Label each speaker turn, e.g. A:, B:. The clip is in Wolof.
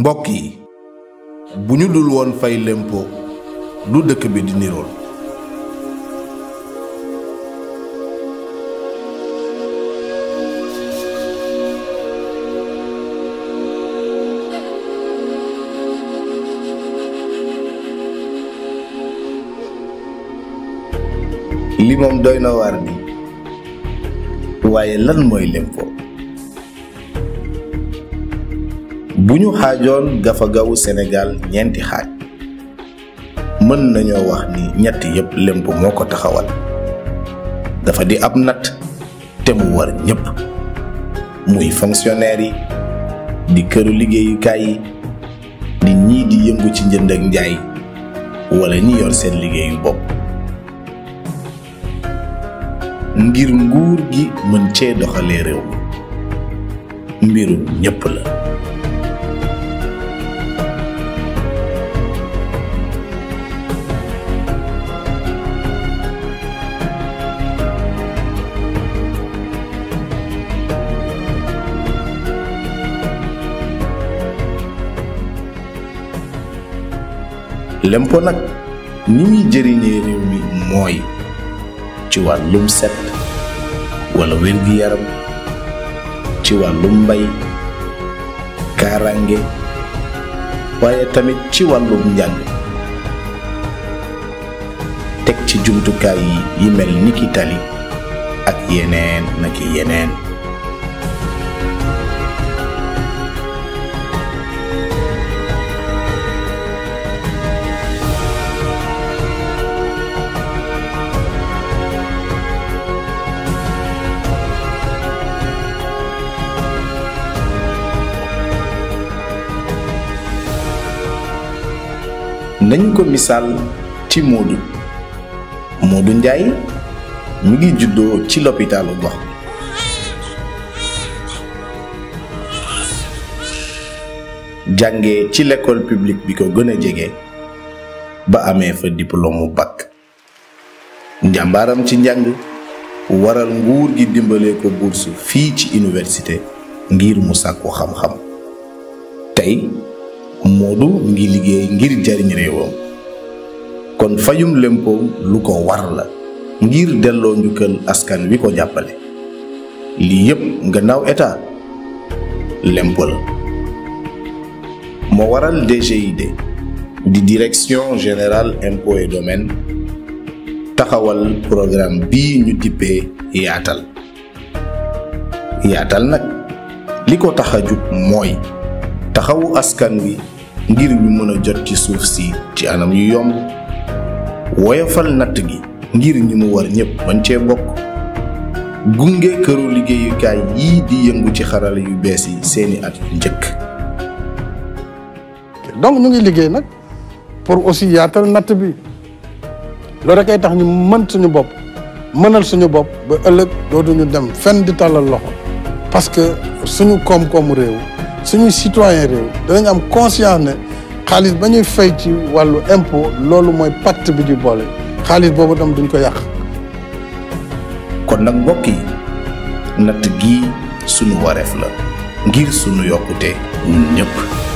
A: mbokk yi bu ñu dul woon fay lempo du dëkk bi di nirool li moom doy na waar bi waaye lan mooy lempo buñu ñu gafa gawu senegal ñenti mën nañu wax ni ñett yépp lemb moko taxawal dafa di ab nat te mu war muy fonctionnaire di këru liggéeyukaay kay di ñi di yëngu ci njënd ak njaay wala ñi yor seen liggéeyu bop ngir nguur gi mën cee doxalee réew mbiru ñëpp la lempo nag ni muy jëriñee réew mi mooy ci wàllum set wala wér-gi-yaram ci wàllum mbay kaarange waaye tamit ci wàllum njàng teg ci jumtukaay yi mel ni ki tali ak yeneen naki yeneen nañ ko misaal ci Modou Modou njaay mu ngi juddoo ci lopitaalu gox jàngee ci lekkool publique bi ko gën jege ba amee fa diplôme bac njàmbaaram ci njàng waral nguur gi dimbale ko bourse fii ci université ngir mu sàkku xam-xam tey Moodu mi ngi liggéey ngir jariñ réewam kon fayum lempoom lu ko war la ngir delloo njukkal askan wi ko jàppale lii yépp gannaaw état lempo la moo waral DGID di direction général impôts et taxawal programme bi ñu dippee yaatal yaatal nag li ko tax a jug mooy taxawu askan wi ngir ñu mëna jot ci suuf si ci anam yu yomb woyofal natt gi ngir ñu mu war ñëpp bañ cee bokk gunge këru liggéeyukaay yi di yëngu ci xarala yu bees yi seeni at yu njëkk donc
B: ñu ngi liggéey nag pour aussi yaatal natt bi loolu rek ay tax ñu mën suñu bopp mënal suñu bopp ba ëllëg dootuñu dem fenn di tàllal loxo parce que suñu koom-koomu réew suñuy citoyen réew danañ am conscience ne xaalis ba ñuy fay ci wàllu impôt loolu mooy pacte bi di boole xaalis boobu tam
A: duñ ko yàq. kon nag mbokk yi natt gii sunu wareef la ngir sunu yokkute ñun ñëpp.